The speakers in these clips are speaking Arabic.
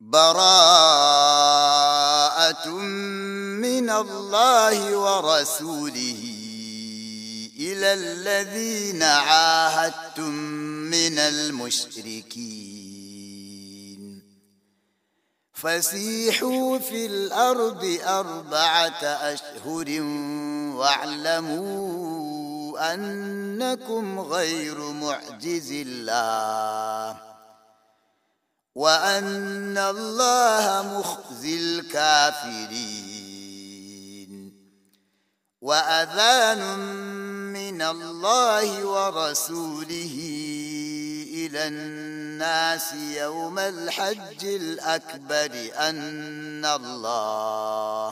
براءة من الله ورسوله إلى الذين عاهدتم من المشركين فسيحوا في الأرض أربعة أشهر واعلموا أنكم غير معجز الله وأن الله مخزي الكافرين وأذان من الله ورسوله إلى الناس يوم الحج الأكبر أن الله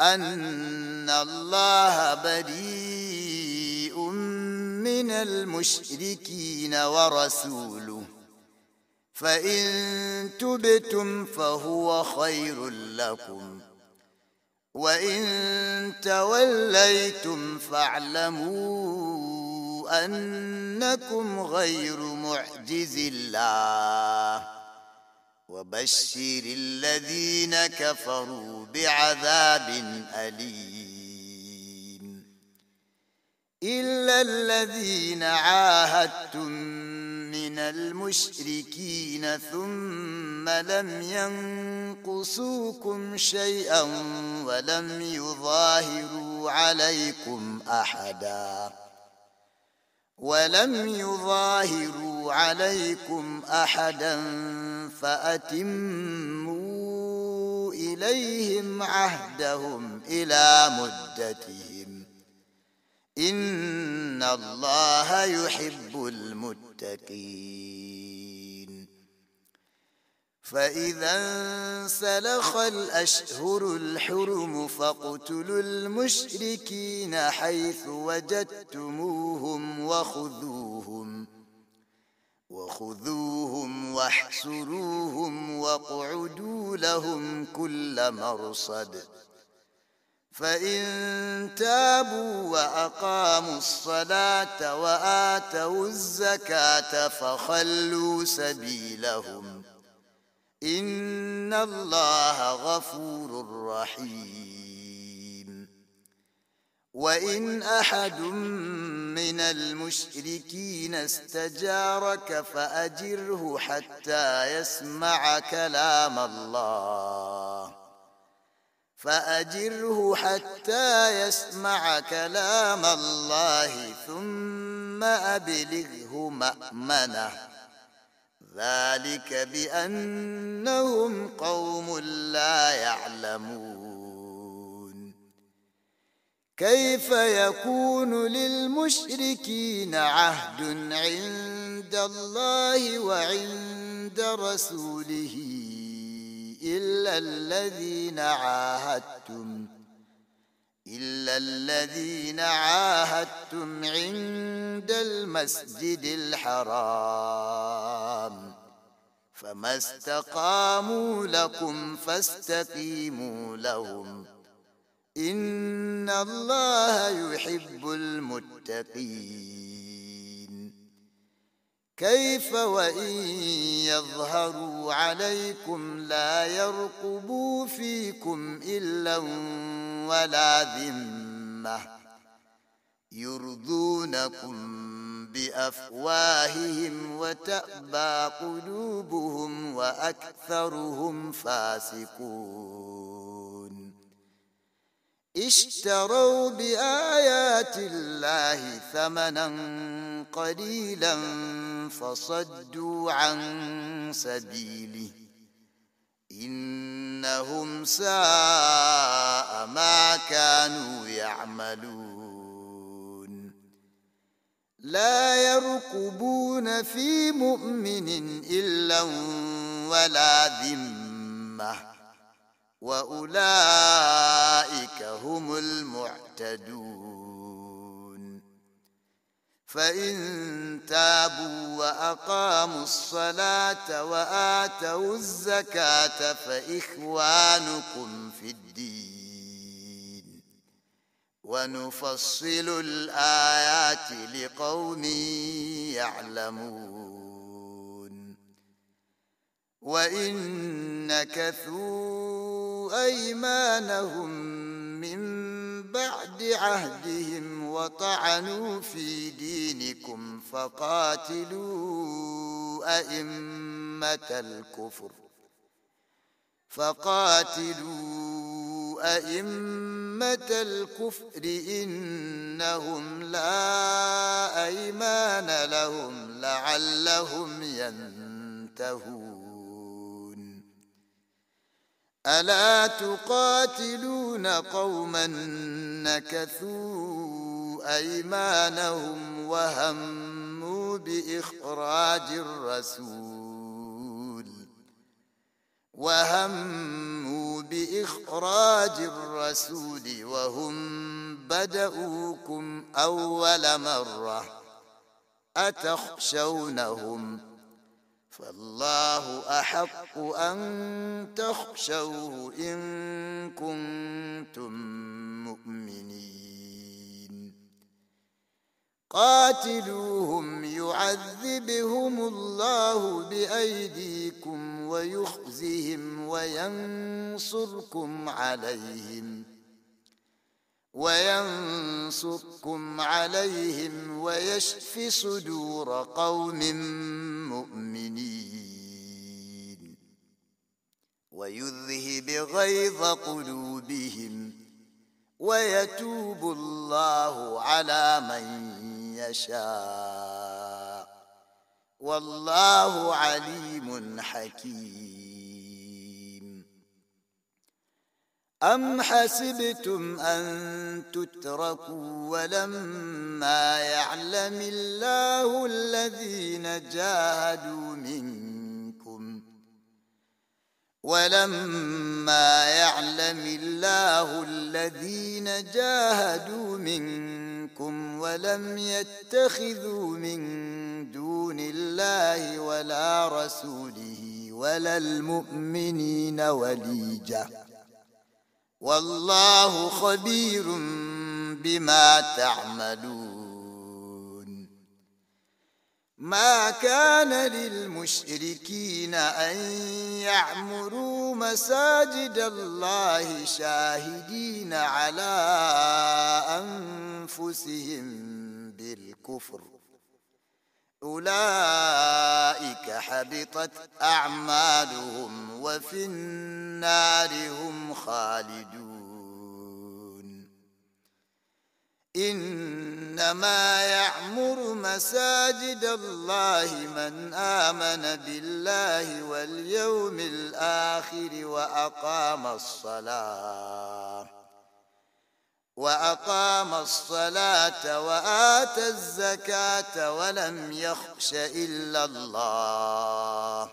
أن الله بريء من المشركين ورسوله فإن تبتم فهو خير لكم وإن توليتم فاعلموا أنكم غير معجز الله وبشر الذين كفروا بعذاب أليم إلا الذين عاهدتم من المشركين ثم لم ينقصوكم شيئا ولم يظاهروا عليكم احدا ولم يظاهروا عليكم احدا فاتموا اليهم عهدهم الى مدتهم إن الله يحب المتقين فإذا انسلخ الأشهر الحرم فاقتلوا المشركين حيث وجدتموهم وخذوهم وخذوهم واحسروهم واقعدوا لهم كل مرصد فإن تابوا وأقاموا الصلاة وآتوا الزكاة فخلوا سبيلهم إن الله غفور رحيم وإن أحد من المشركين استجارك فأجره حتى يسمع كلام الله فأجره حتى يسمع كلام الله ثم أبلغه مأمنه ذلك بأنهم قوم لا يعلمون كيف يكون للمشركين عهد عند الله وعند رسوله إلا الذين عاهدتم إلا الذين عاهدتم عند المسجد الحرام فما استقاموا لكم فاستقيموا لهم إن الله يحب المتقين كيف وإن يظهروا عليكم لا يرقبوا فيكم إلا ولا ذمة يرضونكم بأفواههم وتأبى قلوبهم وأكثرهم فاسقون اشتروا بآيات الله ثمنا قليلا فصدوا عن سبيله إنهم ساء ما كانوا يعملون لا يرقبون في مؤمن إلا ولا ذمه واولئك هم المعتدون فان تابوا واقاموا الصلاه واتوا الزكاه فاخوانكم في الدين ونفصل الايات لقوم يعلمون وان كثور أيمانهم من بعد عهدهم وطعنوا في دينكم فقاتلوا أئمة الكفر فقاتلوا أئمة الكفر إنهم لا أيمان لهم لعلهم ينتهون ألا تقاتلون قوما نكثوا أيمانهم وهموا بإخراج الرسول وهموا بإخراج الرسول وهم بدؤوكم أول مرة أتخشونهم ؟ فالله أحق أن تخشوه إن كنتم مؤمنين قاتلوهم يعذبهم الله بأيديكم ويخزهم وينصركم عليهم ۖ وينصركم عليهم ويشف صدور قوم مؤمنين ويذهب غيظ قلوبهم ويتوب الله على من يشاء والله عليم حكيم أم حسبتم أن تتركوا ولما يعلم الله الذين جاهدوا منكم ولما يعلم الله الذين جاهدوا منكم ولم يتخذوا من دون الله ولا رسوله ولا المؤمنين وليجه والله خبير بما تعملون ما كان للمشركين ان يعمروا مساجد الله شاهدين على انفسهم بالكفر أولئك حبطت أعمالهم وفي النار هم خالدون إنما يعمر مساجد الله من آمن بالله واليوم الآخر وأقام الصلاة واقام الصلاه واتى الزكاه ولم يخش الا الله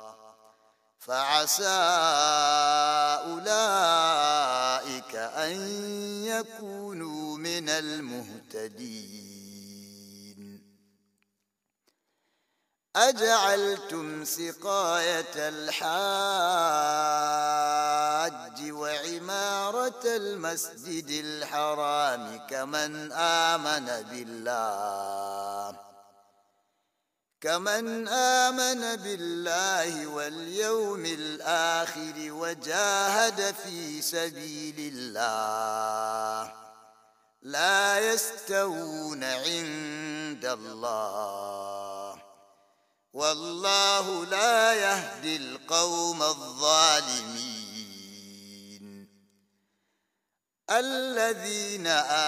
فعسى اولئك ان يكونوا أجعلتم سقاية الحاج وعمارة المسجد الحرام كمن آمن بالله كمن آمن بالله واليوم الآخر وجاهد في سبيل الله لا يستوون عند الله والله لا يهدي القوم الظالمين الذين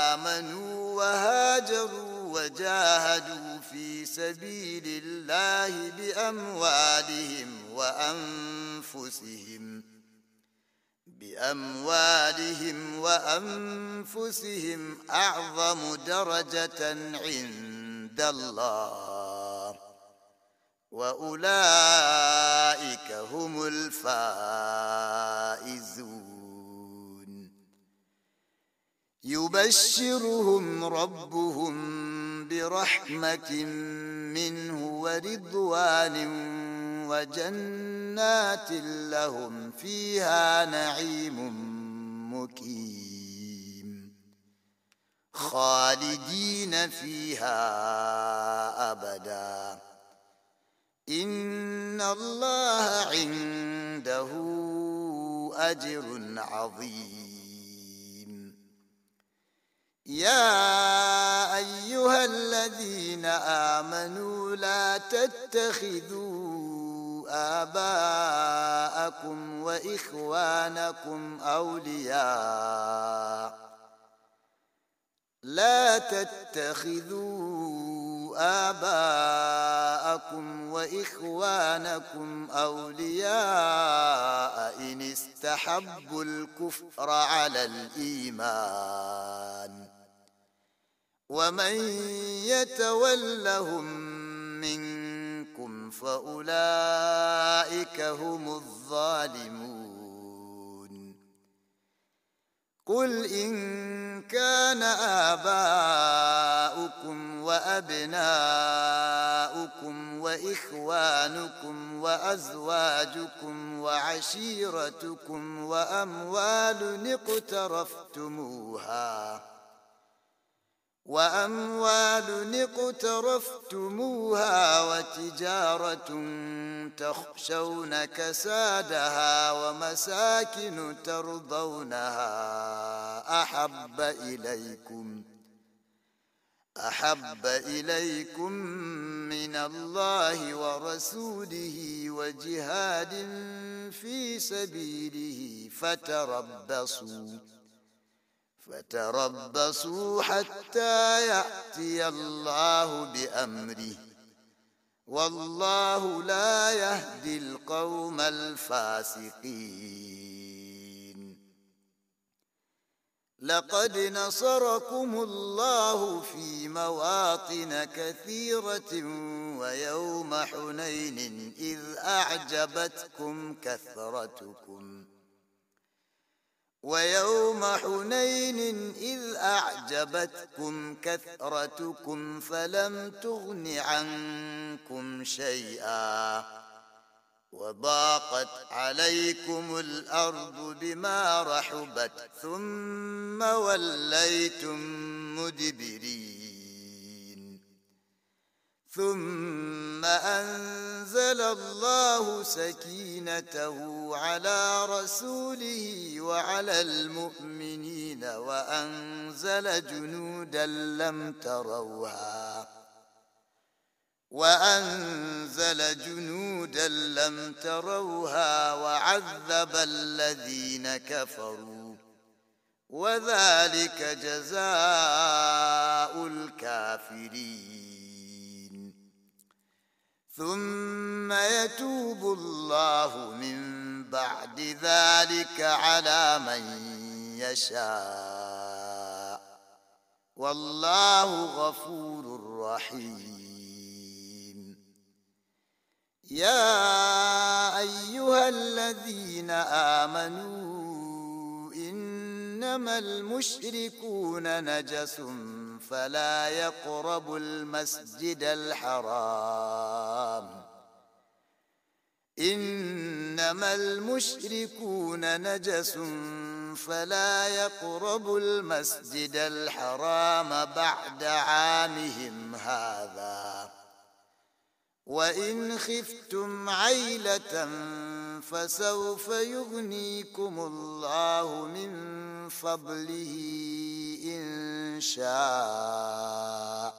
آمنوا وهاجروا وجاهدوا في سبيل الله بأموالهم وأنفسهم بأموالهم وأنفسهم أعظم درجة عند الله واولئك هم الفائزون يبشرهم ربهم برحمه منه ورضوان وجنات لهم فيها نعيم مقيم خالدين فيها ابدا إن الله عنده أجر عظيم يا أيها الذين آمنوا لا تتخذوا آباءكم وإخوانكم أولياء لا تتخذوا آباءكم وإخوانكم أولياء إن استحبوا الكفر على الإيمان ومن يتولهم منكم فأولئك هم الظالمون قل إن كان آباؤكم وأبناؤكم وإخوانكم وأزواجكم وعشيرتكم وأموال اقترفتموها وأموال اقترفتموها وتجارة تخشون كسادها ومساكن ترضونها أحب إليكم أحب إليكم من الله ورسوله وجهاد في سبيله فتربصوا فتربصوا حتى يأتي الله بأمره والله لا يهدي القوم الفاسقين لقد نصركم الله في مواطن كثيرة ويوم حنين إذ أعجبتكم كثرتكم ويوم حنين إذ أعجبتكم كثرتكم فلم تغن عنكم شيئا وضاقت عليكم الأرض بما رحبت ثم وليتم مدبرين ثم أنزل الله سكينته على رسوله وعلى المؤمنين وأنزل جنودا لم تروها وأنزل جنودا لم تروها وعذب الذين كفروا وذلك جزاء الكافرين ثم يتوب الله من بعد ذلك على من يشاء والله غفور رحيم يا ايها الذين امنوا انما المشركون نجسٌ فلا يقربوا المسجد الحرام إنما المشركون نجس فلا يقربوا المسجد الحرام بعد عامهم هذا وإن خفتم عيلة فسوف يغنيكم الله من فضله إن شاء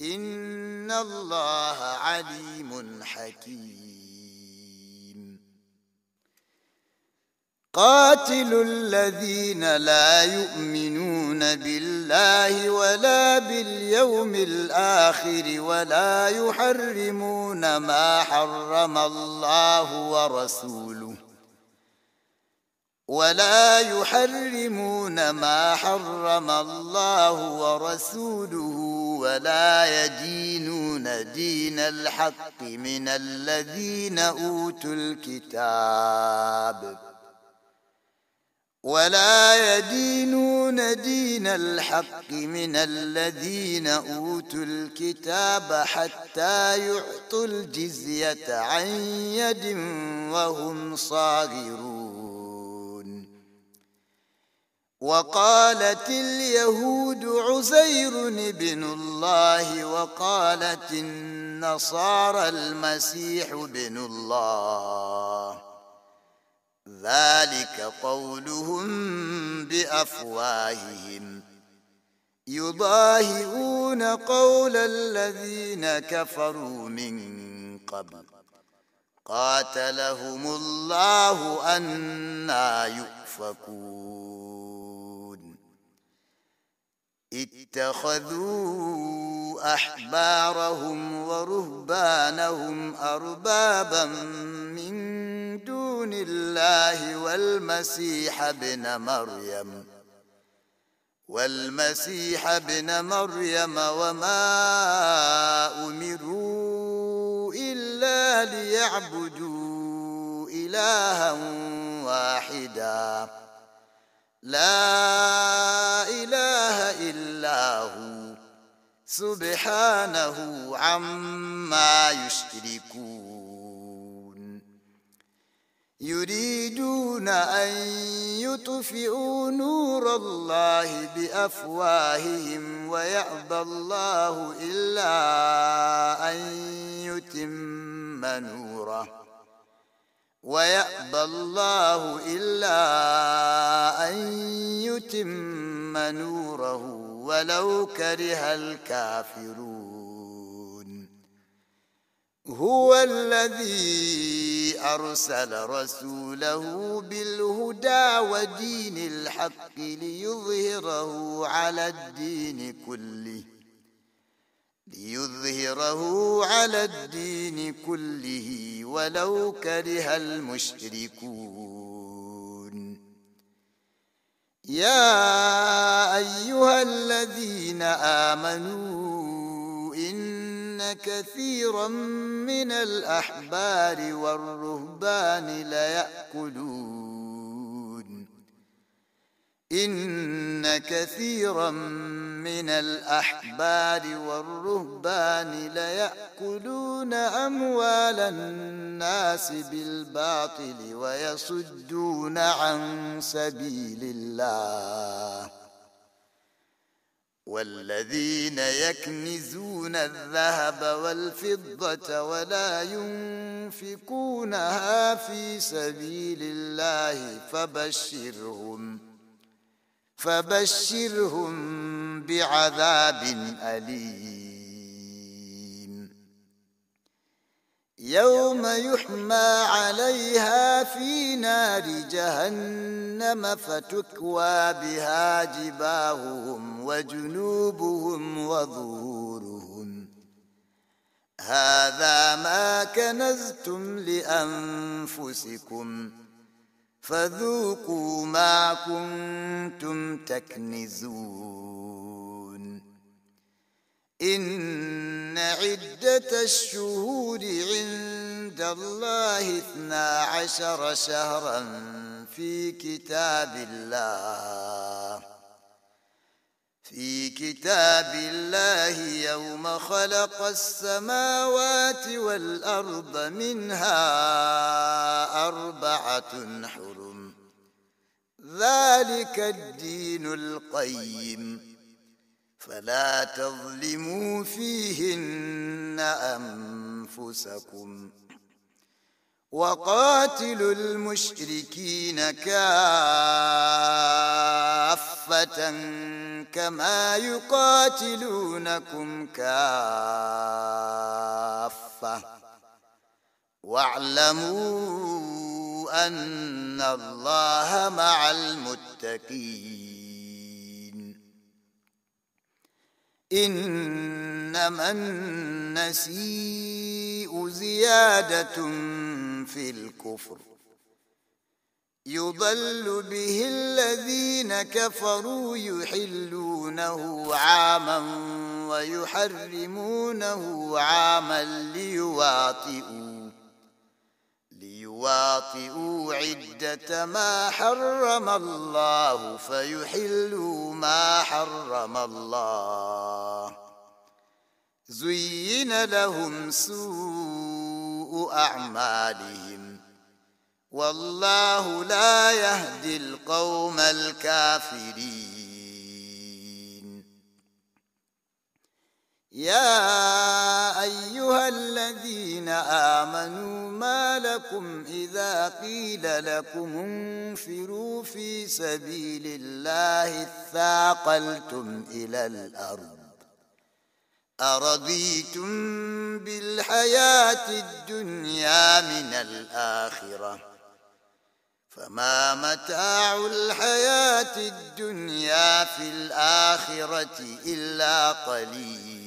ان الله عليم حكيم قاتل الذين لا يؤمنون بالله ولا باليوم الاخر ولا يحرمون ما حرم الله ورسوله ولا يحرمون ما حرم الله ورسوله ولا يدينون دين الحق من الذين اوتوا الكتاب ولا يدينون دين الحق من الذين اوتوا الكتاب حتى يعطوا الجزيه عن يد وهم صاغرون وقالت اليهود عزير بن الله وقالت النصارى المسيح بن الله ذلك قولهم بافواههم يضاهئون قول الذين كفروا من قبل قاتلهم الله انا يؤفكون اتخذوا احبارهم ورهبانهم اربابا من دون الله والمسيح ابن مريم والمسيح ابن مريم وما امروا الا ليعبدوا الها واحدا لا إله إلا هو سبحانه عما يشركون يريدون أن يطفئوا نور الله بأفواههم ويأبى الله إلا أن يتم نوره ويأبى الله إلا أن يتم نوره ولو كره الكافرون هو الذي أرسل رسوله بالهدى ودين الحق ليظهره على الدين كله ليظهره على الدين كله ولو كره المشركون يا ايها الذين امنوا ان كثيرا من الاحبار والرهبان ليأكلون إن كثيرا من الأحبار والرهبان ليأكلون أموال الناس بالباطل ويصدون عن سبيل الله والذين يكنزون الذهب والفضة ولا ينفقونها في سبيل الله فبشرهم ۖ فبشرهم بعذاب أليم يوم يحمى عليها في نار جهنم فتكوى بها جباههم وجنوبهم وظهورهم هذا ما كنزتم لأنفسكم فذوقوا ما كنتم تكنزون إن عدة الشهور عند الله اثنا عشر شهرا في كتاب الله في كتاب الله يوم خلق السماوات والأرض منها أربعة حرم ذلك الدين القيم فلا تظلموا فيهن أنفسكم وقاتلوا المشركين كافة كما يقاتلونكم كافة واعلموا أن الله مع المتقين إنما النسيء زيادة في الكفر يضل به الذين كفروا يحلونه عاما ويحرمونه عاما ليواطئوا ليواطئوا عدة ما حرم الله فيحلوا ما حرم الله زين لهم سوء اعمالهم والله لا يهدي القوم الكافرين يا ايها الذين امنوا ما لكم اذا قيل لكم انفروا في سبيل الله اثاقلتم الى الارض أرضيتم بالحياة الدنيا من الآخرة فما متاع الحياة الدنيا في الآخرة إلا قليل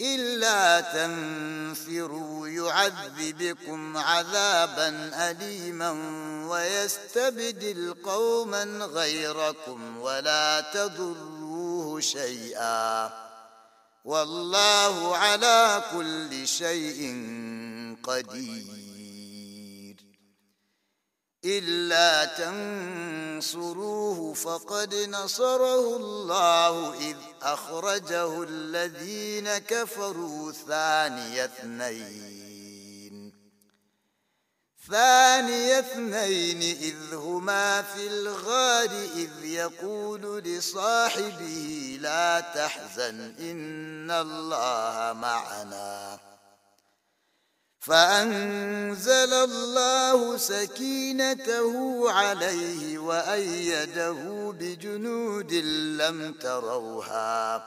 إلا تنفروا يعذبكم عذابا أليما ويستبدل قوما غيركم ولا تضروه شيئا والله على كل شيء قدير إلا تنصروه فقد نصره الله إذ أخرجه الذين كفروا ثاني اثنين ثاني اثنين إذ هما في الغار إذ يقول لصاحبه لا تحزن إن الله معنا فأنزل الله سكينته عليه وأيده بجنود لم تروها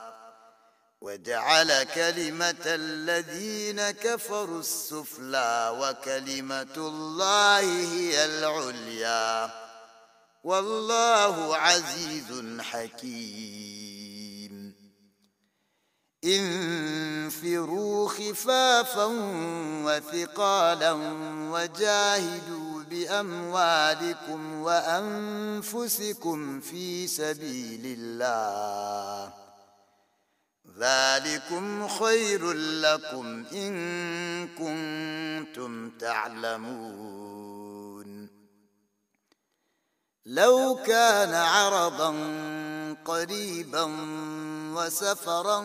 وجعل كلمة الذين كفروا السفلى وكلمة الله هي العليا والله عزيز حكيم إن انفروا خفافا وثقالا وجاهدوا باموالكم وانفسكم في سبيل الله ذلكم خير لكم ان كنتم تعلمون لو كان عرضا قريبا وسفرا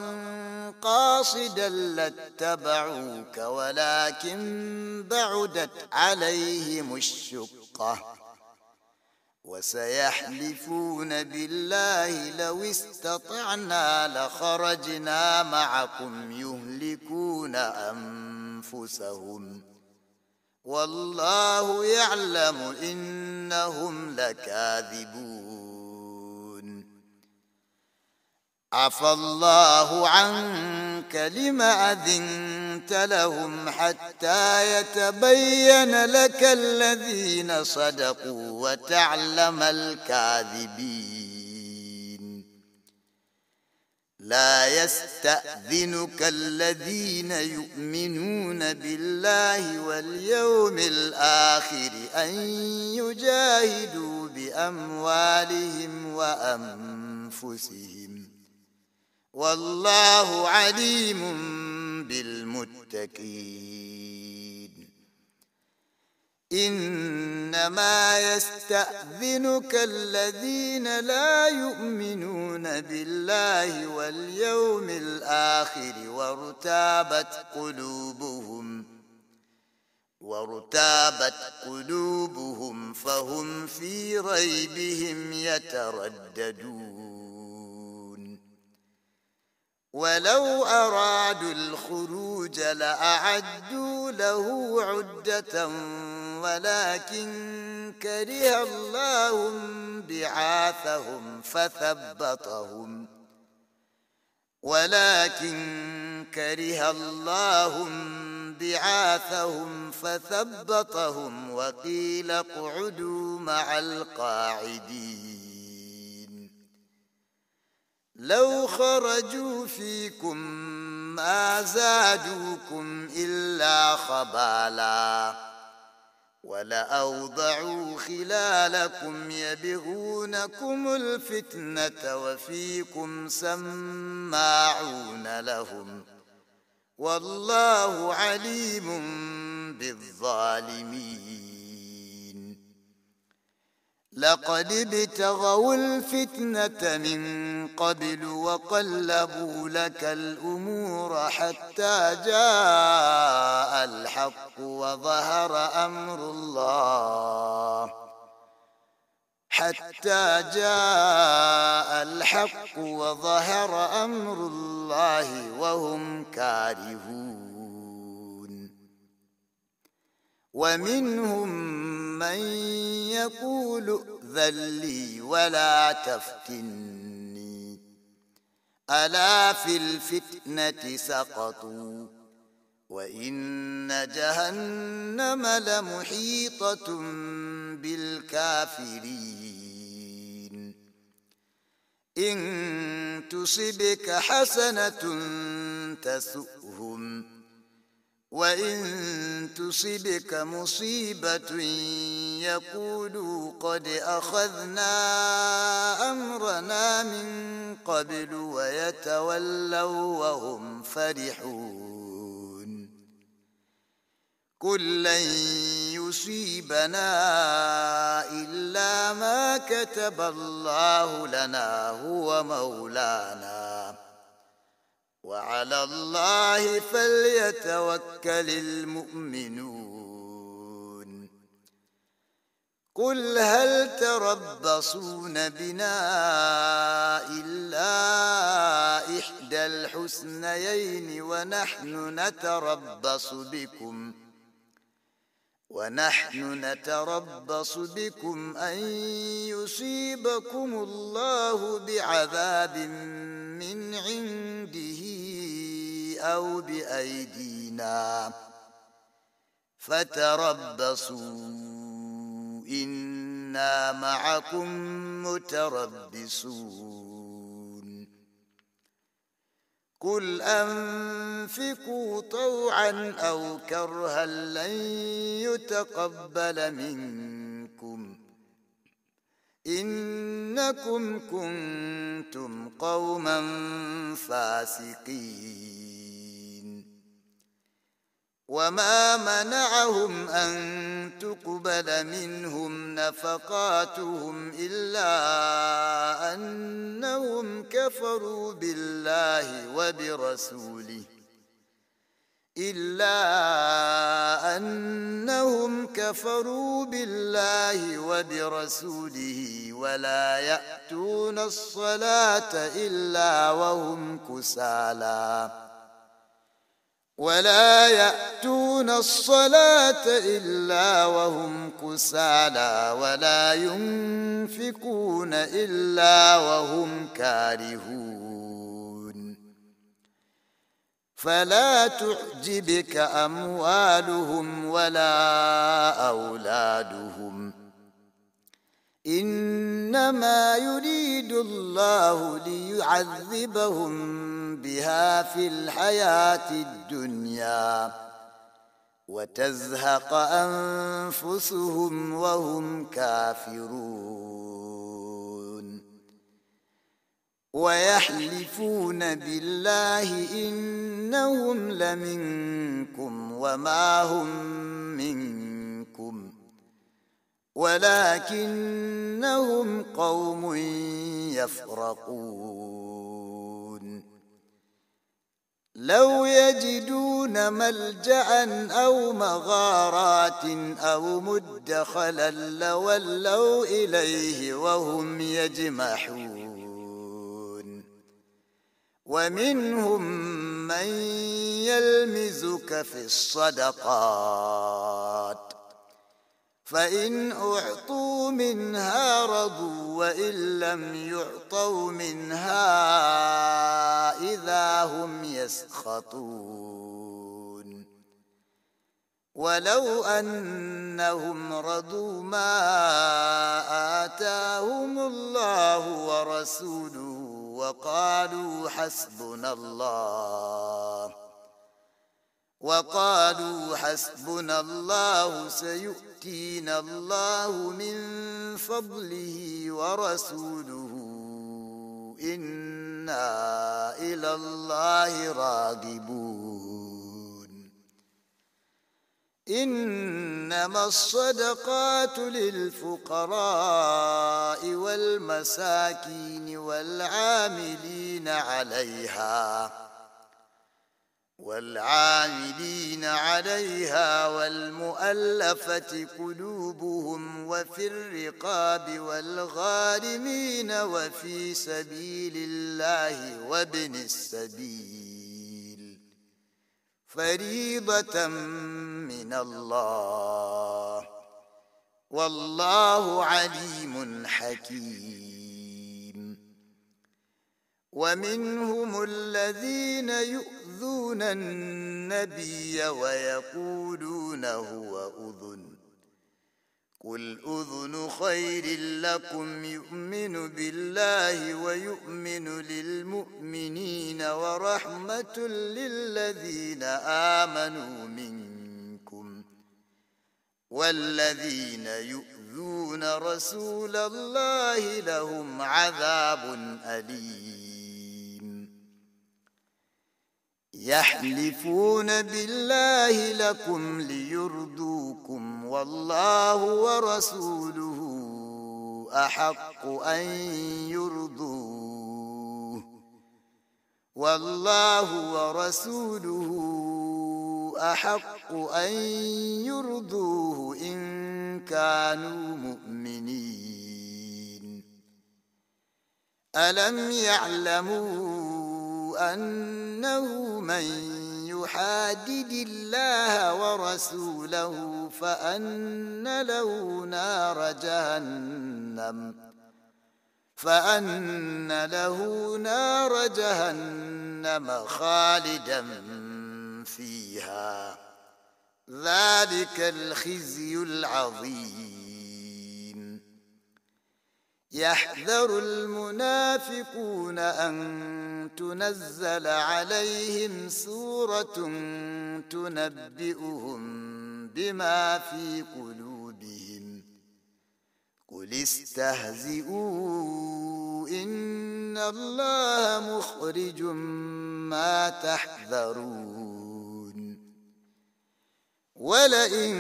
قاصدا لاتبعوك ولكن بعدت عليهم الشقه وسيحلفون بالله لو استطعنا لخرجنا معكم يهلكون انفسهم والله يعلم انهم لكاذبون عفى الله عنك لم أذنت لهم حتى يتبين لك الذين صدقوا وتعلم الكاذبين لا يستأذنك الذين يؤمنون بالله واليوم الآخر أن يجاهدوا بأموالهم وأنفسهم والله عليم بالمتقين انما يستاذنك الذين لا يؤمنون بالله واليوم الاخر وارتابت قلوبهم وارتابت قلوبهم فهم في ريبهم يترددون ولو أرادوا الخروج لأعدوا له عدة ولكن كره الله بعاثهم فثبطهم ولكن كره الله بعاثهم فثبطهم وقيل اقعدوا مع القاعدين لو خرجوا فيكم ما زادوكم إلا خبالا ولأوضعوا خلالكم يبغونكم الفتنة وفيكم سماعون لهم والله عليم بالظالمين لقد ابتغوا الفتنة من قبل وقلبوا لك الأمور حتى جاء الحق وظهر أمر الله حتى جاء الحق وظهر أمر الله وهم كارهون ومنهم من يقول ذلي لي ولا تفتني ألا في الفتنة سقطوا وإن جهنم لمحيطة بالكافرين إن تصبك حسنة تسؤهم وإن تصبك مصيبة يقولوا قد أخذنا أمرنا من قبل ويتولوا وهم فرحون قل لن يصيبنا إلا ما كتب الله لنا هو مولانا وعلى الله فليتوكل المؤمنون قل هل تربصون بنا إلا إحدى الحسنيين ونحن نتربص بكم ۖ ونحن نتربص بكم أن يصيبكم الله بعذاب من عنده أو بأيدينا فتربصوا إنا معكم متربصون قل أنفقوا طوعا أو كرها لن يتقبل منكم إنكم كنتم قوما فاسقين وما منعهم أن تقبل منهم نفقاتهم إلا أنهم كفروا بالله وبرسوله إلا أنهم كفروا بالله وبرسوله ولا يأتون الصلاة إلا وهم كسالى ولا يأتون الصلاة إلا وهم كسالى ولا ينفقون إلا وهم كارهون فلا تعجبك أموالهم ولا أولادهم ۖ إنما يريد الله ليعذبهم بها في الحياة الدنيا وتزهق أنفسهم وهم كافرون ويحلفون بالله إنهم لمنكم وما هم منكم ولكنهم قوم يفرقون لو يجدون ملجا او مغارات او مدخلا لولوا اليه وهم يجمحون ومنهم من يلمزك في الصدقات فإن أعطوا منها رضوا وإن لم يعطوا منها إذا هم يسخطون ولو أنهم رضوا ما آتاهم الله ورسوله وقالوا حسبنا الله وقالوا حسبنا الله سيؤتينا الله من فضله ورسوله إنا إلى الله راغبون إنما الصدقات للفقراء والمساكين والعاملين عليها والعاملين عليها والمؤلفة قلوبهم وفي الرقاب والغارمين وفي سبيل الله وابن السبيل فريضة من الله والله عليم حكيم ومنهم الذين يؤذون النبي ويقولون هو أذن قل أذن خير لكم يؤمن بالله ويؤمن للمؤمنين ورحمة للذين آمنوا منكم والذين يؤذون رسول الله لهم عذاب أليم يحلفون بالله لكم ليرضوكم والله ورسوله أحق أن يرضوه والله ورسوله أحق أن يرضوه إن كانوا مؤمنين ألم يعلمون أنه من يحادد الله ورسوله فأن له نار جهنم فأن له نار جهنم خالدا فيها ذلك الخزي العظيم يحذر المنافقون أن تنزل عليهم سورة تنبئهم بما في قلوبهم قل استهزئوا إن الله مخرج ما تحذرون ولئن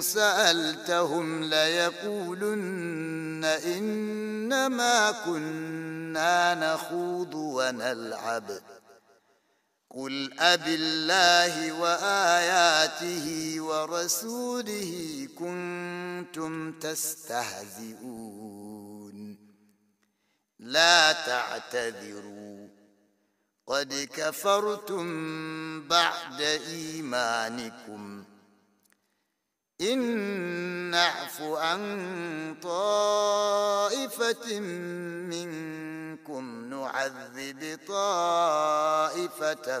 سألتهم ليقولن إنما كنا نخوض ونلعب قل أب الله وآياته ورسوله كنتم تستهزئون لا تعتذروا قد كفرتم بعد إيمانكم إن نعف عن طائفة منكم نعذب طائفة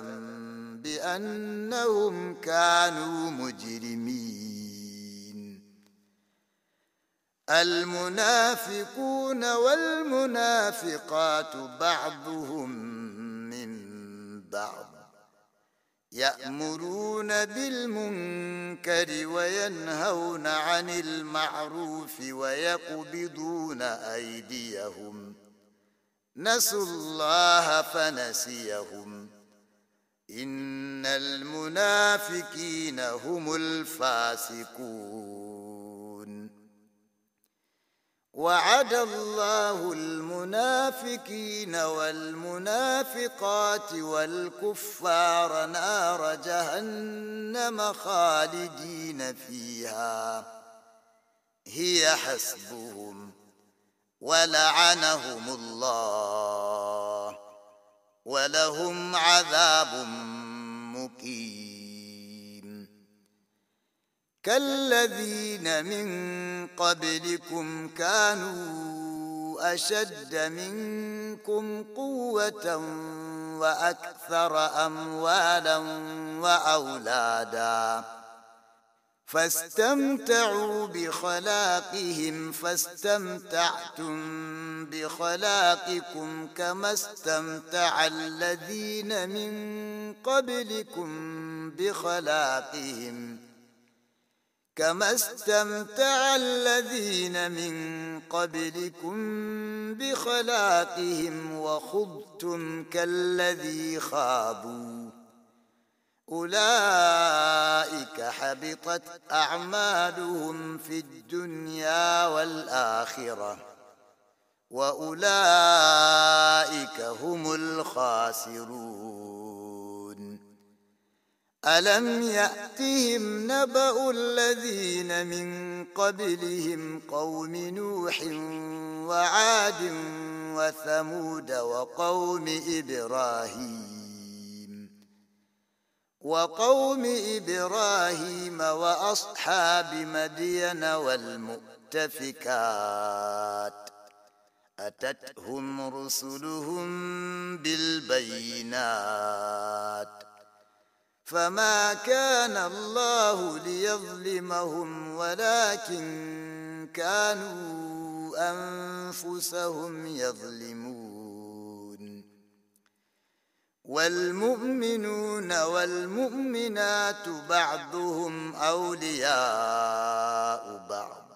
بأنهم كانوا مجرمين المنافقون والمنافقات بعضهم من بعض يأمرون بالمنكر وينهون عن المعروف ويقبضون أيديهم نسوا الله فنسيهم إن المنافقين هم الفاسقون وعد الله المنافقين والمنافقات والكفار نار جهنم خالدين فيها هي حسبهم ولعنهم الله ولهم عذاب مقيم كالذين من قبلكم كانوا أشد منكم قوة وأكثر أموالا وأولادا فاستمتعوا بخلاقهم فاستمتعتم بخلاقكم كما استمتع الذين من قبلكم بخلاقهم كما استمتع الذين من قبلكم بخلاقهم وخضتم كالذي خابوا أولئك حبطت أعمالهم في الدنيا والآخرة وأولئك هم الخاسرون ألم يأتهم نبأ الذين من قبلهم قوم نوح وعاد وثمود وقوم إبراهيم وقوم إبراهيم وأصحاب مدين والمؤتفكات أتتهم رسلهم بالبينات فما كان الله ليظلمهم ولكن كانوا أنفسهم يظلمون والمؤمنون والمؤمنات بعضهم أولياء بعض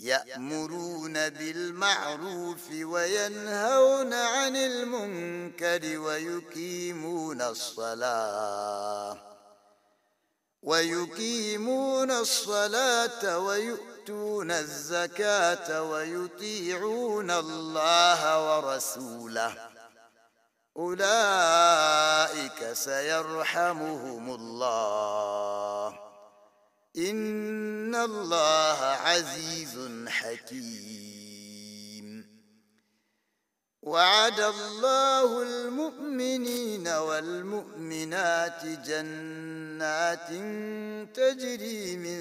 يأمرون بالمعروف وينهون عن المنكر ويقيمون الصلاة ويقيمون الصلاة ويؤتون الزكاة ويطيعون الله ورسوله أولئك سيرحمهم الله إن الله عزيز حكيم وعد الله المؤمنين والمؤمنات جنات تجري من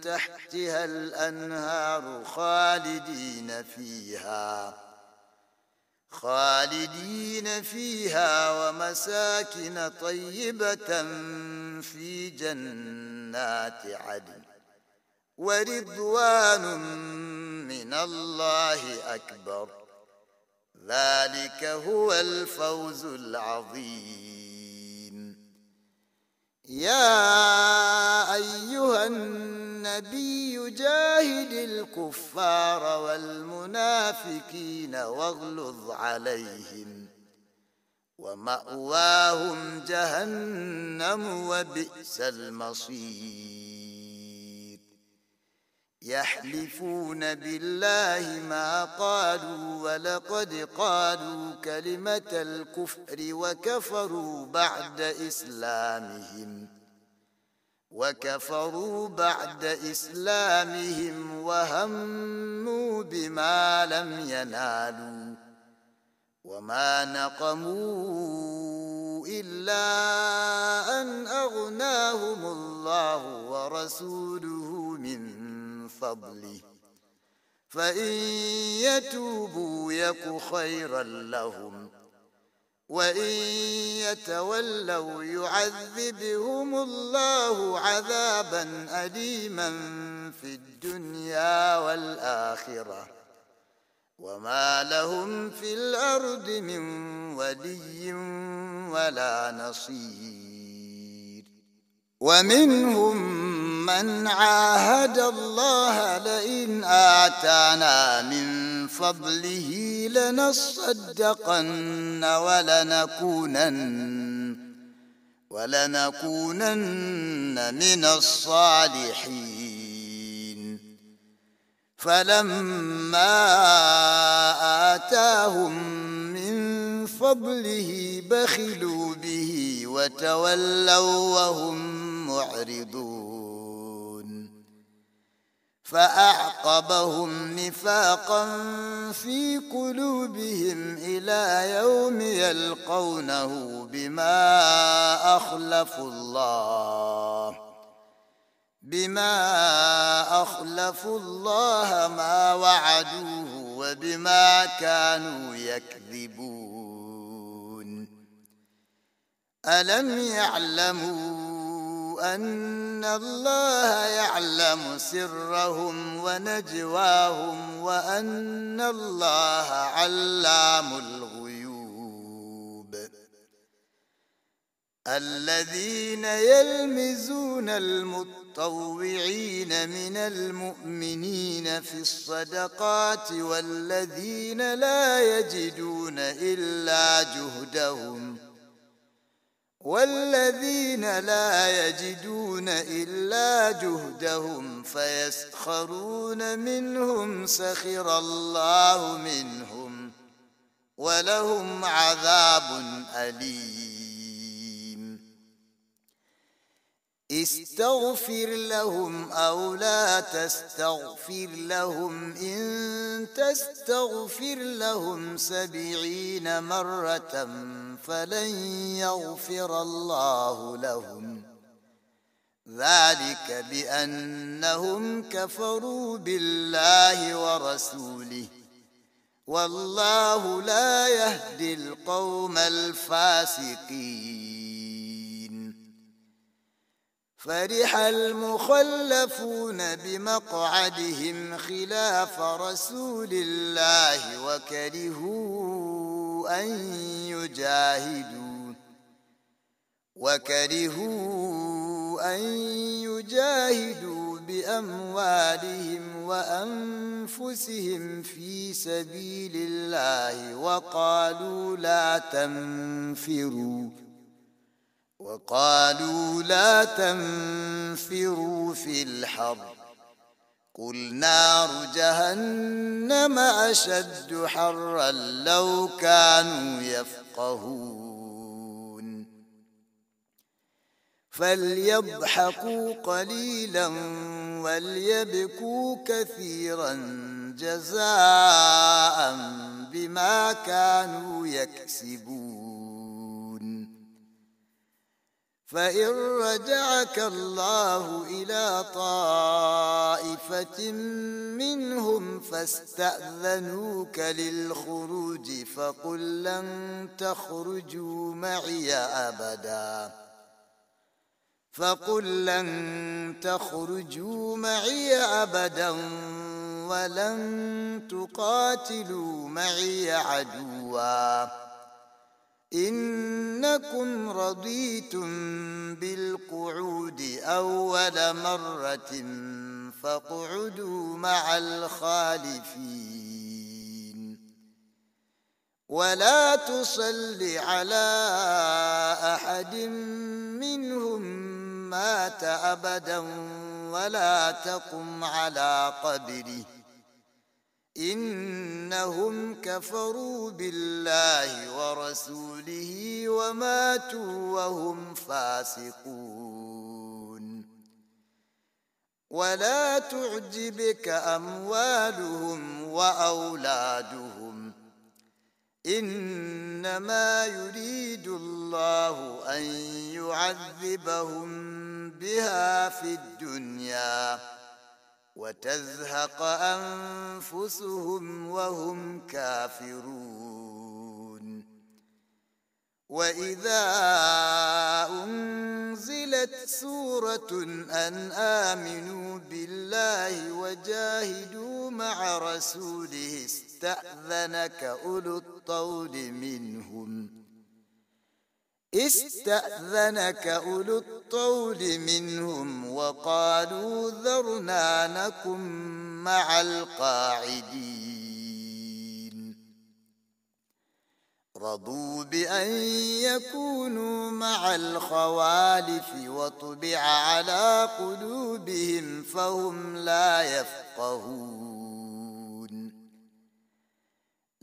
تحتها الأنهار خالدين فيها خالدين فيها ومساكن طيبة في جنات عدن ورضوان من الله أكبر ذلك هو الفوز العظيم يا أيها النبي جاهد الكفار والمنافقين واغلظ عليهم ومأواهم جهنم وبئس المصير يحلفون بالله ما قالوا ولقد قالوا كلمة الكفر وكفروا بعد إسلامهم وكفروا بعد إسلامهم وهموا بما لم ينالوا وما نقموا إلا أن أغناهم الله ورسوله فضله فإن يتوبوا يك خيرا لهم وإن يتولوا يعذبهم الله عذابا أليما في الدنيا والآخرة وما لهم في الأرض من ولي ولا نصير ومنهم من عاهد الله لئن آتانا من فضله لنصدقن ولنكونن ولنكونن من الصالحين فلما آتاهم من فضله بخلوا به وتولوا وهم معرضون فأعقبهم نفاقا في قلوبهم إلى يوم يلقونه بما أخلفوا الله بما أخلفوا الله ما وعدوه وبما كانوا يكذبون ألم يعلموا أن الله يعلم سرهم ونجواهم وأن الله علام الغيوب الذين يلمزون المتطوعين من المؤمنين في الصدقات والذين لا يجدون إلا جهدهم والذين لا يجدون إلا جهدهم فيسخرون منهم سخر الله منهم ولهم عذاب أليم استغفر لهم او لا تستغفر لهم ان تستغفر لهم سبعين مره فلن يغفر الله لهم ذلك بانهم كفروا بالله ورسوله والله لا يهدي القوم الفاسقين فرح المخلفون بمقعدهم خلاف رسول الله وكرهوا أن يجاهدوا وكرهوا أن يجاهدوا بأموالهم وأنفسهم في سبيل الله وقالوا لا تنفروا وقالوا لا تنفروا في الحر قل نار جهنم أشد حرا لو كانوا يفقهون فليضحكوا قليلا وليبكوا كثيرا جزاء بما كانوا يكسبون فإن رجعك الله إلى طائفة منهم فاستأذنوك للخروج فقل لن تخرجوا معي أبدا فقل لن تخرجوا معي أبدا ولن تقاتلوا معي عدواً إنكم رضيتم بالقعود أول مرة فاقعدوا مع الخالفين ولا تصل على أحد منهم مات أبدا ولا تقم على قبره إنهم كفروا بالله ورسوله وماتوا وهم فاسقون ولا تعجبك أموالهم وأولادهم إنما يريد الله أن يعذبهم بها في الدنيا وتزهق انفسهم وهم كافرون واذا انزلت سوره ان امنوا بالله وجاهدوا مع رسوله استاذنك اولو الطول منهم استأذنك أولو الطول منهم وقالوا ذرنا نكن مع القاعدين رضوا بأن يكونوا مع الخوالف وطبع على قلوبهم فهم لا يفقهون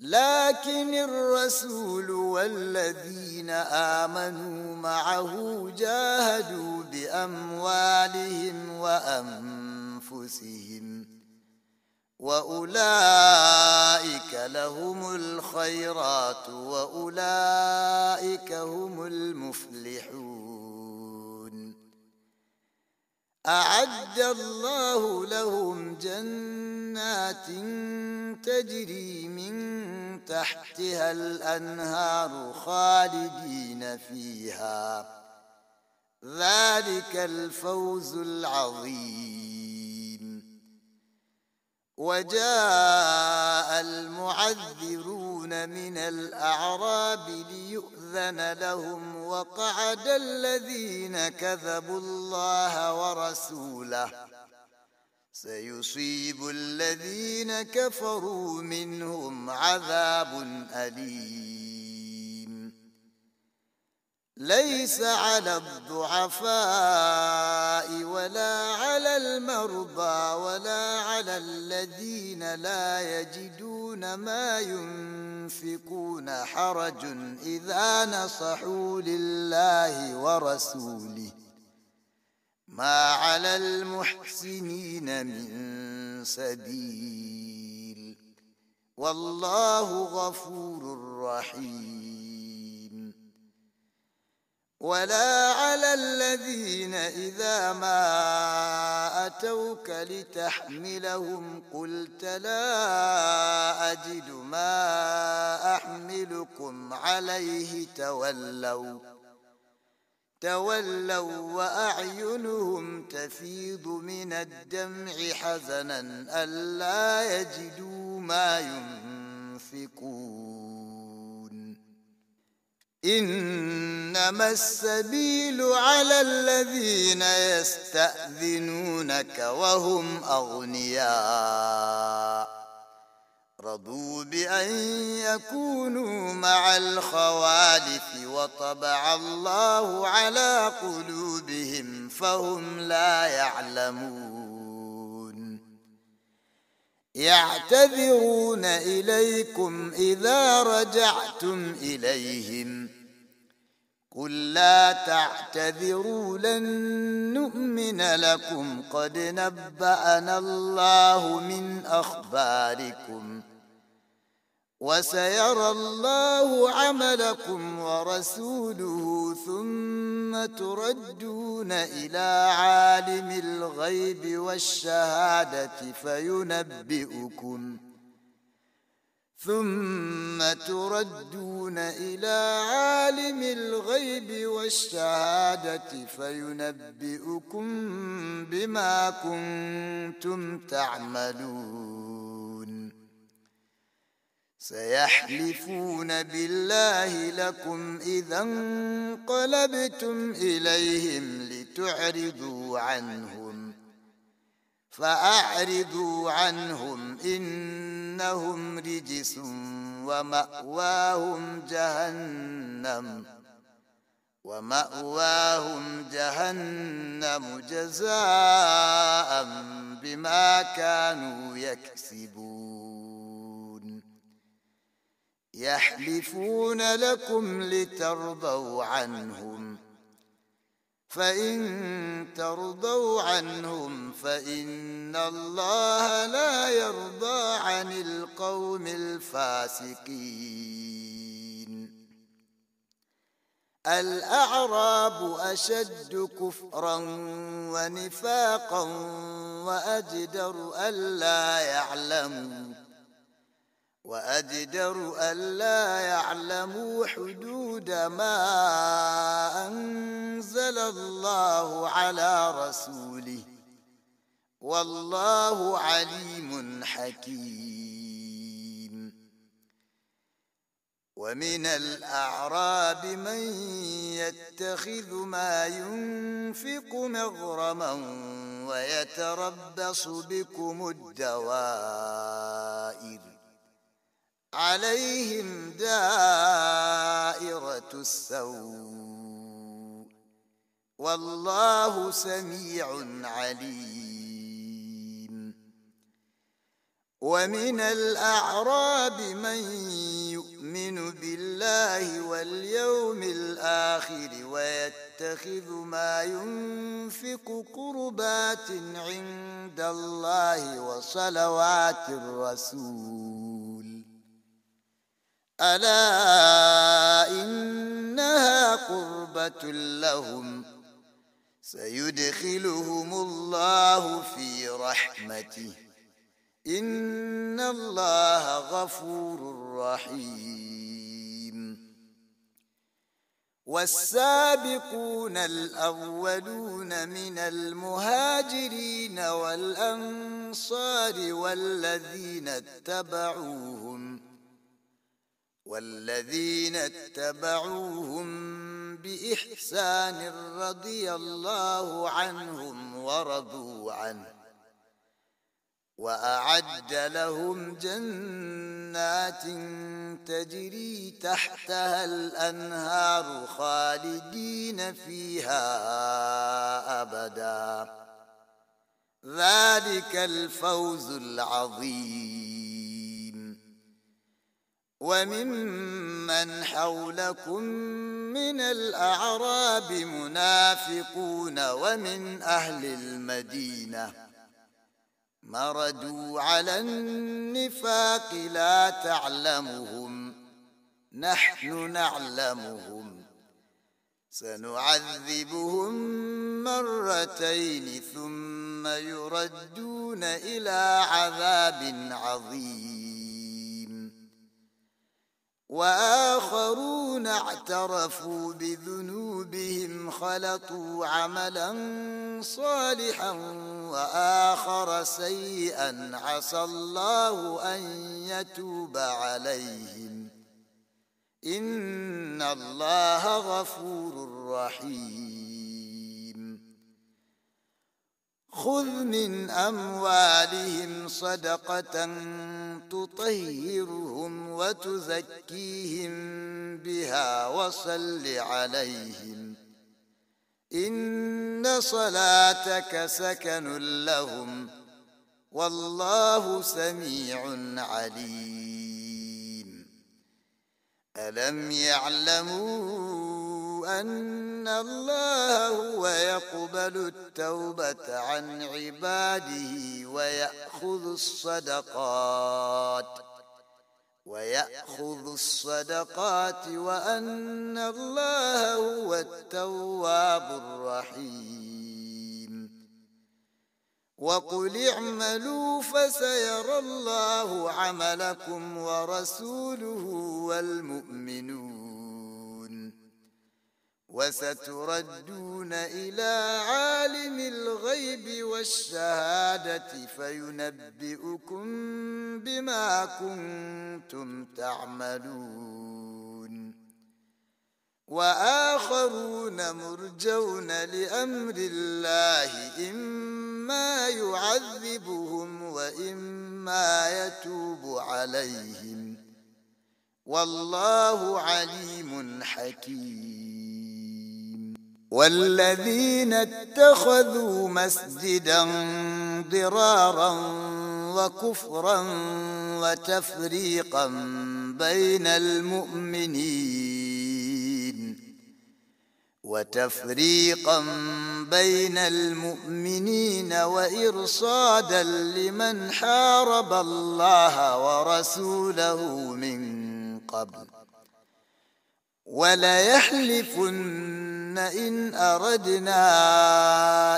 لكن الرسول والذين آمنوا معه جاهدوا بأموالهم وأنفسهم وأولئك لهم الخيرات وأولئك هم المفلحون أعد الله لهم جنات تجري من تحتها الأنهار خالدين فيها ذلك الفوز العظيم وجاء المعذرون من الأعراب ليؤمنوا أذن لهم وقعد الذين كذبوا الله ورسوله سيصيب الذين كفروا منهم عذاب أليم ليس على الضعفاء ولا على المرضى ولا على الذين لا يجدون ما ينفقون حرج إذا نصحوا لله ورسوله ما على المحسنين من سبيل والله غفور رحيم ولا على الذين إذا ما أتوك لتحملهم قلت لا أجد ما أحملكم عليه تولوا تولوا وأعينهم تفيض من الدمع حزنا ألا يجدوا ما ينفقون إن إنما السبيل على الذين يستأذنونك وهم أغنياء رضوا بأن يكونوا مع الخوالف وطبع الله على قلوبهم فهم لا يعلمون يعتذرون إليكم إذا رجعتم إليهم قل لا تعتذروا لن نؤمن لكم قد نبأنا الله من أخباركم وسيرى الله عملكم ورسوله ثم تردون إلى عالم الغيب والشهادة فينبئكم ۖ ثم تردون إلى عالم الغيب والشهادة فينبئكم بما كنتم تعملون سيحلفون بالله لكم إذا انقلبتم إليهم لتعرضوا عنهم فأعرضوا عنهم إنهم رجس ومأواهم جهنم ومأواهم جهنم جزاء بما كانوا يكسبون يحلفون لكم لترضوا عنهم فإن ترضوا عنهم فإن الله لا يرضى عن القوم الفاسقين الأعراب أشد كفرا ونفاقا وأجدر ألا يعلموا وأجدر ألا يعلموا حدود ما أنزل الله على رسوله والله عليم حكيم ومن الأعراب من يتخذ ما ينفق مغرما ويتربص بكم الدوائر عليهم دائرة السوء والله سميع عليم ومن الأعراب من يؤمن بالله واليوم الآخر ويتخذ ما ينفق قربات عند الله وصلوات الرسول ألا إنها قربة لهم سيدخلهم الله في رحمته إن الله غفور رحيم والسابقون الأولون من المهاجرين والأنصار والذين اتبعوهم والذين اتبعوهم بإحسان رضي الله عنهم ورضوا عنه وأعد لهم جنات تجري تحتها الأنهار خالدين فيها أبدا ذلك الفوز العظيم وممن حولكم من الأعراب منافقون ومن أهل المدينة مردوا على النفاق لا تعلمهم نحن نعلمهم سنعذبهم مرتين ثم يردون إلى عذاب عظيم واخرون اعترفوا بذنوبهم خلطوا عملا صالحا واخر سيئا عسى الله ان يتوب عليهم ان الله غفور رحيم خذ من أموالهم صدقة تطهرهم وتزكيهم بها وصل عليهم إن صلاتك سكن لهم والله سميع عليم ألم يعلمون أن الله هو يقبل التوبة عن عباده ويأخذ الصدقات ويأخذ الصدقات وأن الله هو التواب الرحيم وقل اعملوا فسيرى الله عملكم ورسوله والمؤمنون وستردون إلى عالم الغيب والشهادة فينبئكم بما كنتم تعملون وآخرون مرجون لأمر الله إما يعذبهم وإما يتوب عليهم والله عليم حكيم والذين اتخذوا مسجدا ضرارا وكفرا وتفريقا بين المؤمنين وتفريقا بين المؤمنين وإرصادا لمن حارب الله ورسوله من قبل وليحلفن إن أردنا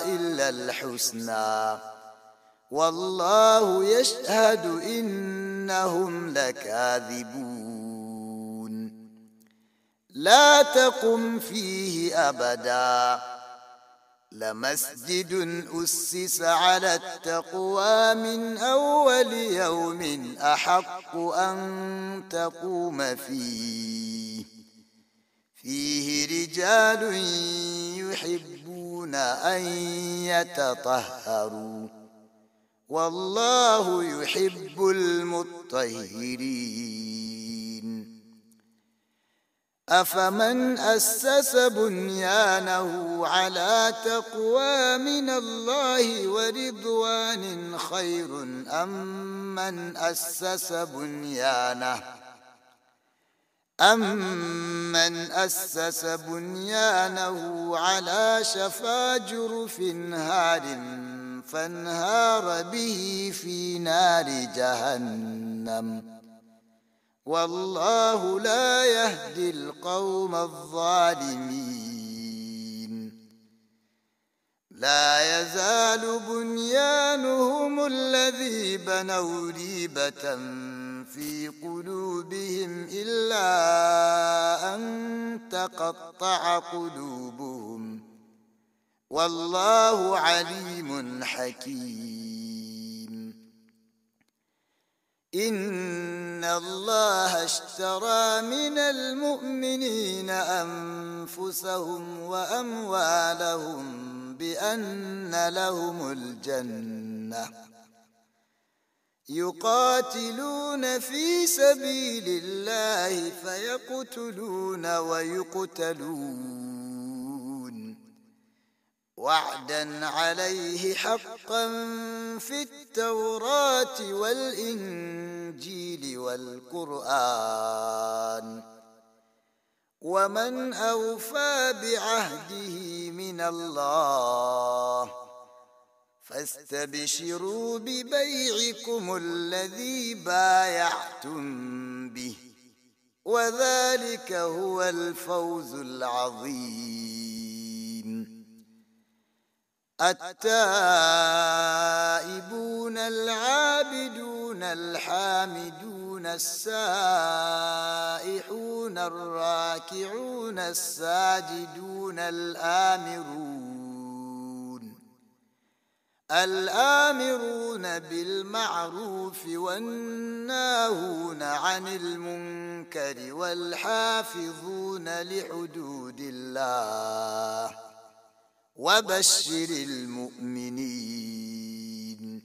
إلا الحسنى والله يشهد إنهم لكاذبون لا تقم فيه أبدا لمسجد أسس على التقوى من أول يوم أحق أن تقوم فيه فيه رجال يحبون أن يتطهروا والله يحب المطهرين أفمن أسس بنيانه على تقوى من الله ورضوان خير أم من أسس بنيانه أمن أسس بنيانه على شفا جرف هار فانهار به في نار جهنم والله لا يهدي القوم الظالمين لا يزال بنيانهم الذي بنوا ريبة في قلوبهم إلا أن تقطع قلوبهم والله عليم حكيم إن الله اشترى من المؤمنين أنفسهم وأموالهم بأن لهم الجنة يقاتلون في سبيل الله فيقتلون ويقتلون وعدا عليه حقا في التوراة والإنجيل والقرآن ومن أوفى بعهده من الله فاستبشروا ببيعكم الذي بايعتم به وذلك هو الفوز العظيم التائبون العابدون الحامدون السائحون الراكعون الساجدون الآمرون الآمرون بالمعروف والناهون عن المنكر والحافظون لحدود الله وبشر المؤمنين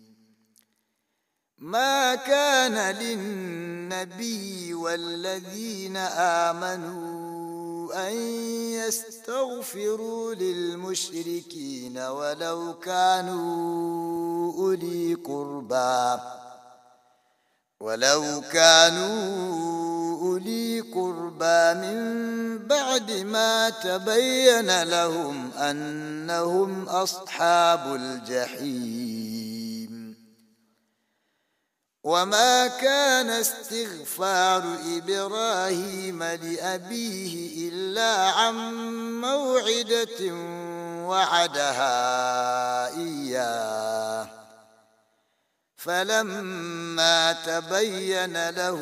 ما كان للنبي والذين آمنوا أن يستغفروا للمشركين ولو كانوا أولي قربى ولو كانوا أولي قربى من بعد ما تبين لهم أنهم أصحاب الجحيم وما كان استغفار إبراهيم لأبيه إلا عن موعدة وعدها إياه فلما تبين له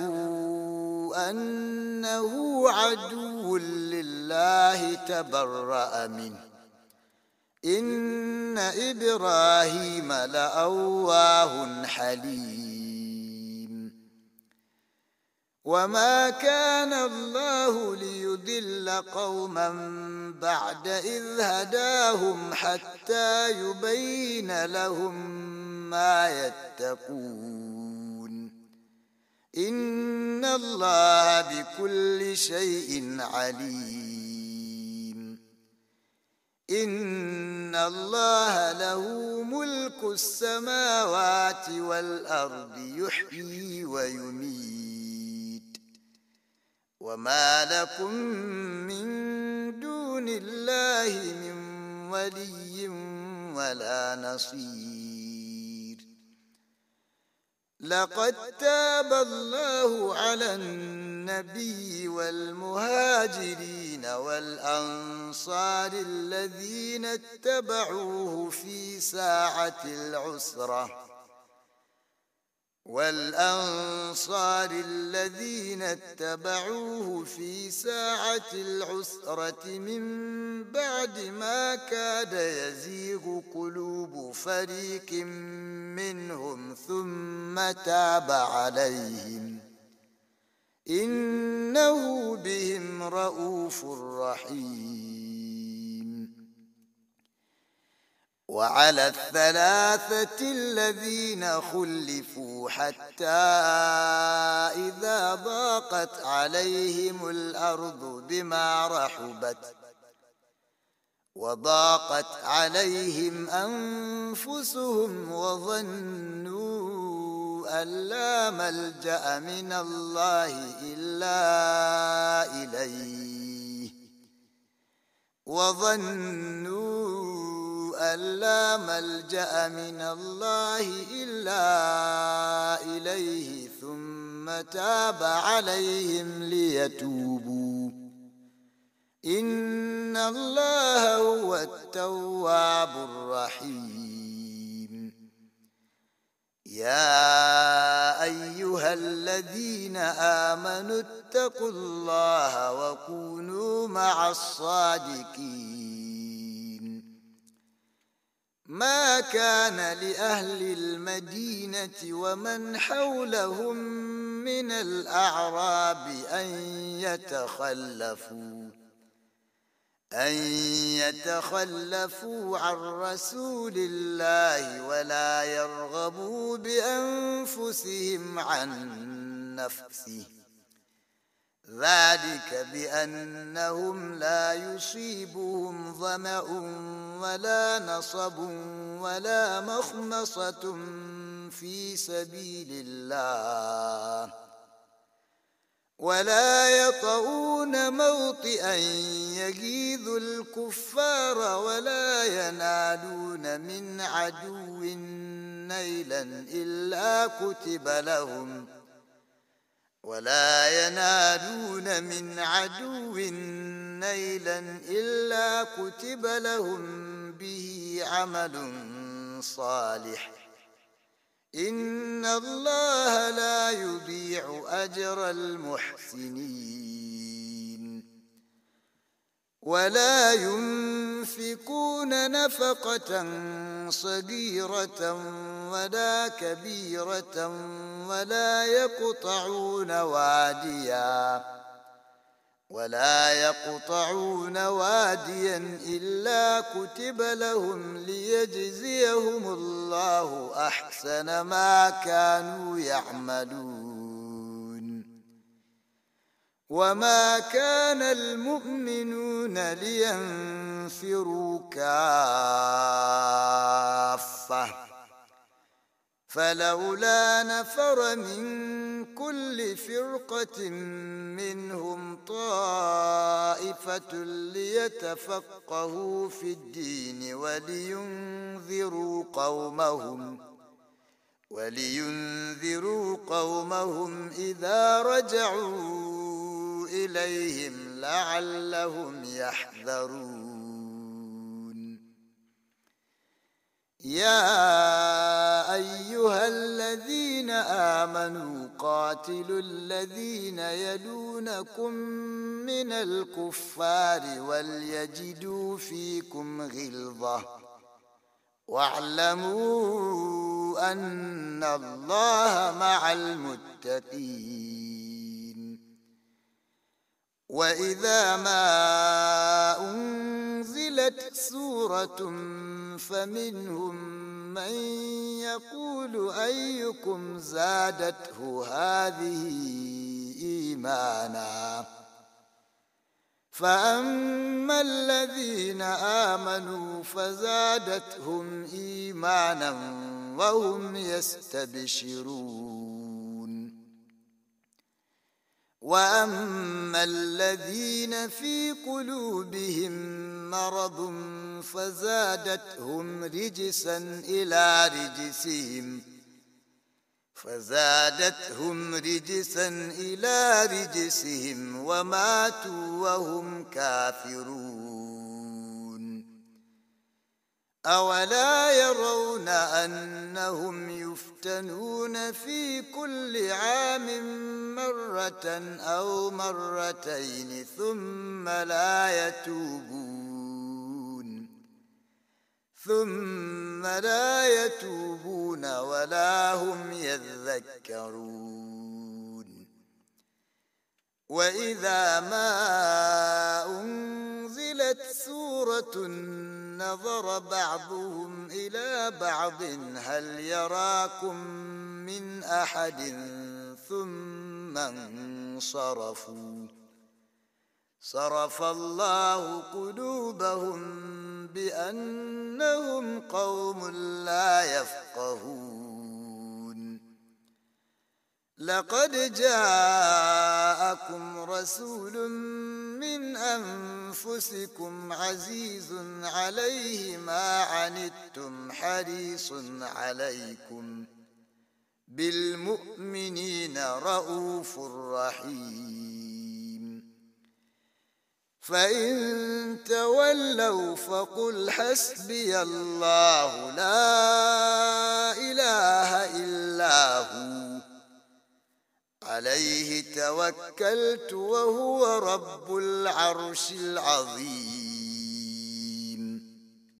أنه عدو لله تبرأ منه إن إبراهيم لأواه حليم وما كان الله ليدل قوما بعد إذ هداهم حتى يبين لهم ما يتقون إن الله بكل شيء عليم إن الله له ملك السماوات والأرض يحيي ويميت وما لكم من دون الله من ولي ولا نصير لقد تاب الله على النبي والمهاجرين والأنصار الذين اتبعوه في ساعة العسرة والأنصار الذين اتبعوه في ساعة العسرة من بعد ما كاد يزيغ قلوب فريق منهم ثم تاب عليهم إنه بهم رؤوف رحيم وعلى الثلاثة الذين خلفوا حتى إذا ضاقت عليهم الأرض بما رحبت وضاقت عليهم أنفسهم وظنوا أن لا ملجأ من الله إلا إليه وظنوا أن لا ملجأ من الله إلا إليه ثم تاب عليهم ليتوبوا إن الله هو التواب الرحيم يا أيها الذين آمنوا اتقوا الله وكونوا مع الصادقين ما كان لأهل المدينة ومن حولهم من الأعراب أن يتخلفوا أن يتخلفوا عن رسول الله ولا يرغبوا بأنفسهم عن نفسه ذلك بأنهم لا يصيبهم ظمأ ولا نصب ولا مخمصة في سبيل الله ولا يطؤون موطئا يغيظ الكفار ولا ينالون من عدو نيلا إلا كتب لهم ولا ينالون من عدو نيلا إلا كتب لهم به عمل صالح إن الله لا يضيع أجر المحسنين ولا ينفقون نفقة صغيرة ولا كبيرة ولا يقطعون واديا ولا يقطعون واديا إلا كتب لهم ليجزيهم الله أحسن ما كانوا يعملون وما كان المؤمنون لينفروا كافة فلولا نفر من كل فرقة منهم طائفة ليتفقهوا في الدين ولينذروا قومهم ولينذروا قومهم إذا رجعوا إليهم لعلهم يحذرون يا أيها الذين آمنوا قاتلوا الذين يلونكم من الكفار وليجدوا فيكم غلظة واعلموا أن الله مع المتقين وإذا ما أنزلت سورة فمنهم من يقول أيكم زادته هذه إيمانا فأما الذين آمنوا فزادتهم إيمانا وهم يستبشرون واما الذين في قلوبهم مرض فزادتهم رجسا الى رجسهم فزادتهم رجسا الى رجسهم وماتوا وهم كافرون أولا يرون أنهم يفتنون في كل عام مرة أو مرتين ثم لا يتوبون ثم لا يتوبون ولا هم يذكرون وإذا ما أنزلت سورة نظر بعضهم إلى بعض هل يراكم من أحد ثم انصرفوا صرف الله قلوبهم بأنهم قوم لا يفقهون لقد جاءكم رسول من أنفسكم عزيز عليه ما عنتم حريص عليكم بالمؤمنين رؤوف رحيم فإن تولوا فقل حسبي الله لا إله إلا هو عليه توكلت وهو رب العرش العظيم